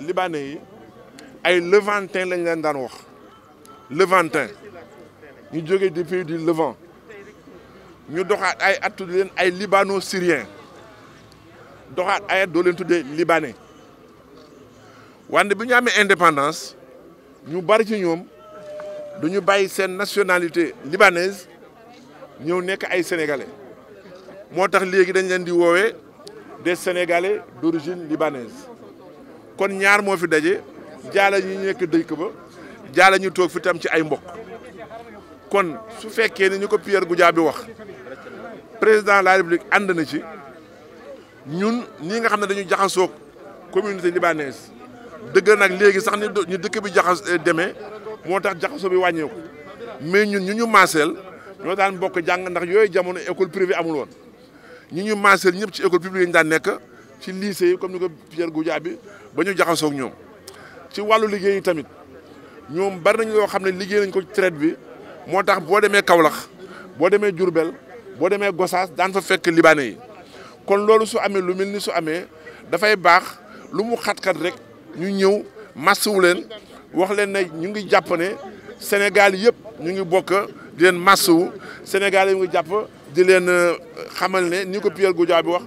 libanais yi ay levantin lañ leen daan wax levantin ñu des pays du Levant ñu doxaat ay ay libano syriens Nous ay at doo libanais Quand nous avons l'indépendance, indépendance ñu bari ci duñu nationalité libanaise Nous sommes ay sénégalais Nous avons dañ di des sénégalais d'origine libanaise kon ñaar moo fi daje jaala ñu nekk dëkk ba jaala ñu toog fi tam ci ay mbokk kon su fekkee ni ñu ko Pierre Goudiaby bi wax président la république ànd na ci ñun ñi nga xam ne dañu jaxasoog communauté libanaise dëgg nag léegi sax ni ñu dëkk bi jaxas eh, demee moo tax jaxasoo bi wàññeeku mais ñun ñu ñu maaseel ñoo daan mbokk jàng ndax yooyu jamono école privée amul woon ñu ñu maaseel ñëpp ci école yi ñu daan nekk ci lycée yi comme ni ko Pierre Goudiaby bi ba ñu jaxasoog ñoom ci wàllu liggéey yi tamit ñoom bari nañ loo xam ne liggéey nañ ko trait bi moo tax boo demee Kaolack boo demee Diourbel boo demee Gossas daan fa fekk libanais yi kon loolu su amee lu mel ni su amee dafay baax lu mu xat-xat rek ñu ñëw massuwu leen wax leen ne ñu ngi jàpp ne Sénégal yëpp ñu ngi bokk di leen massuwu Sénégal yi ngi jàpp di leen euh, xamal ne ni ko Pierre Goudiaby wax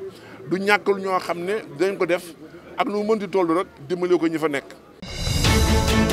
du ñàkkul ñoo xam ne dañ ko def ak lu mënti toll rek dimbale ko ñi fa nekk.